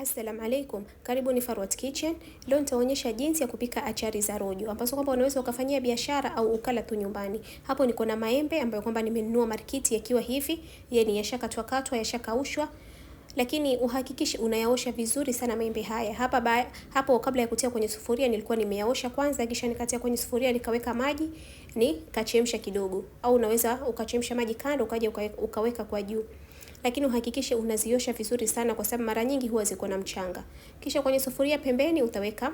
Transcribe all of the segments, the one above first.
Assalamu alaikum, karibu ni Farwat Kitchen. Leo nitaonyesha jinsi ya kupika achari za rojo ambazo kwamba unaweza ukafanyia biashara au ukala tu nyumbani. Hapo niko na maembe ambayo kwamba nimenunua markiti yakiwa hivi, yani yashakatwa katwa, yashakaushwa lakini uhakikishe unayaosha vizuri sana maembe haya. Hapa ba, hapo kabla ya kutia kwenye sufuria nilikuwa nimeyaosha kwanza, kisha nikatia kwenye sufuria nikaweka maji nikachemsha kidogo, au unaweza ukachemsha maji kando ukaja ukaweka kwa juu lakini uhakikishe unaziosha vizuri sana, kwa sababu mara nyingi huwa ziko na mchanga. Kisha kwenye sufuria pembeni utaweka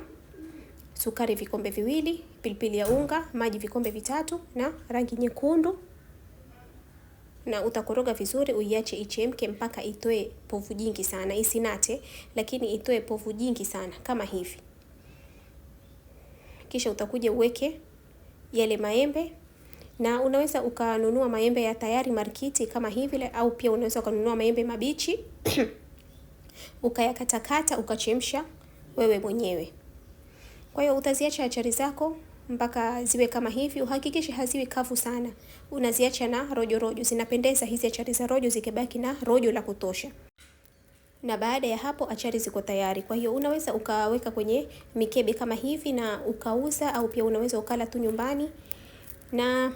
sukari vikombe viwili, pilipili ya unga, maji vikombe vitatu na rangi nyekundu, na utakoroga vizuri, uiache ichemke mpaka itoe povu jingi sana, isinate, lakini itoe povu jingi sana kama hivi. Kisha utakuja uweke yale maembe na unaweza ukanunua maembe ya tayari markiti kama hivi, au pia unaweza ukanunua maembe mabichi ukayakatakata ukachemsha wewe mwenyewe. Kwa hiyo utaziacha achari zako mpaka ziwe kama hivi. Uhakikishe haziwi kavu sana, unaziacha na rojo rojo. Zinapendeza hizi achari za rojo zikibaki na rojo la kutosha. Na baada ya hapo achari ziko tayari. Kwa hiyo unaweza ukaweka kwenye mikebe kama hivi na ukauza, au pia unaweza ukala tu nyumbani na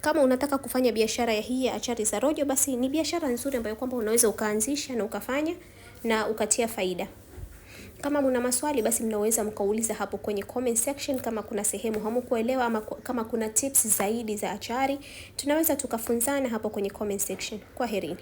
kama unataka kufanya biashara ya hii ya achari za rojo, basi ni biashara nzuri ambayo kwamba unaweza ukaanzisha na ukafanya na ukatia faida. Kama mna maswali basi mnaweza mkauliza hapo kwenye comment section, kama kuna sehemu hamukuelewa ama kama kuna tips zaidi za achari, tunaweza tukafunzana hapo kwenye comment section. herini.